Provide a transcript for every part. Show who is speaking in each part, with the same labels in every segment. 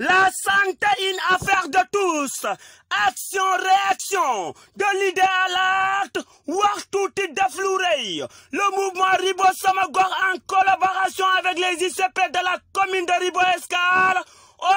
Speaker 1: La santé est une affaire
Speaker 2: de tous. Action, réaction. De l'idée à l'acte. Wartouti de Le mouvement Ribo Samagor en collaboration avec les ICP de la commune de Ribo Escar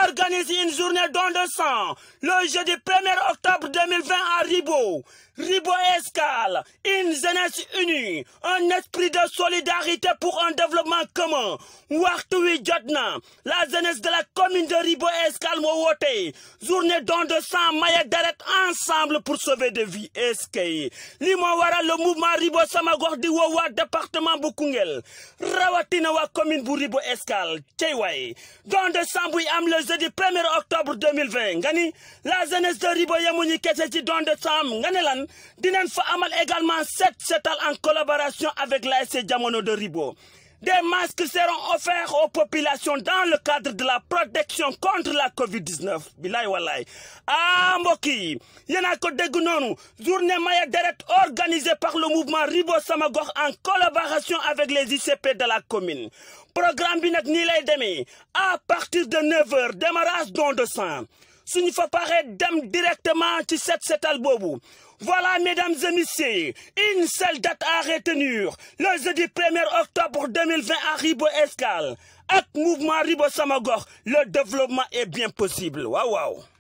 Speaker 2: organise une journée don de sang le jeudi 1er octobre 2020 à Ribo. Ribo Escale, une jeunesse unie, un esprit de solidarité pour un développement commun. waxtu wi jot na la jeunesse de la commune de Ribo Escale moo woote journée don de sang maye deret ensemble pour sauver de vies eskay li moo waral le mouvement Ribo sama gox di woo waa département bu Koungheul rawatina waa commune bu Ribo Escale cey waay don de sang buy am le jeudi 1er octobre 2020 nga ni la jeunesse de Ribo yemuñu kese ci don de sang nga lan Colobane fa amal également set setal en collaboration avec l'ASC Jamono de Ribo des masques seront offerts aux populations dans le cadre de la protection contre la Covid-19 bilaay walaay ah mbokk yi yéen a ko dégg noonu journée maye deret organisée par le mouvement Ribo Sama Gox en collaboration avec les ICP de la commune programme bi nag nii lay demee à partir de 9 heures démarrage don de sang suñu fa paree dem directement ci set setal boobu voilà mesdames et messieurs une seule date à retenir le jeudi 1er octobre 2020 à Ribo Escale ak mouvement Ribo Sama Gox le développement est bien possible waaw waaw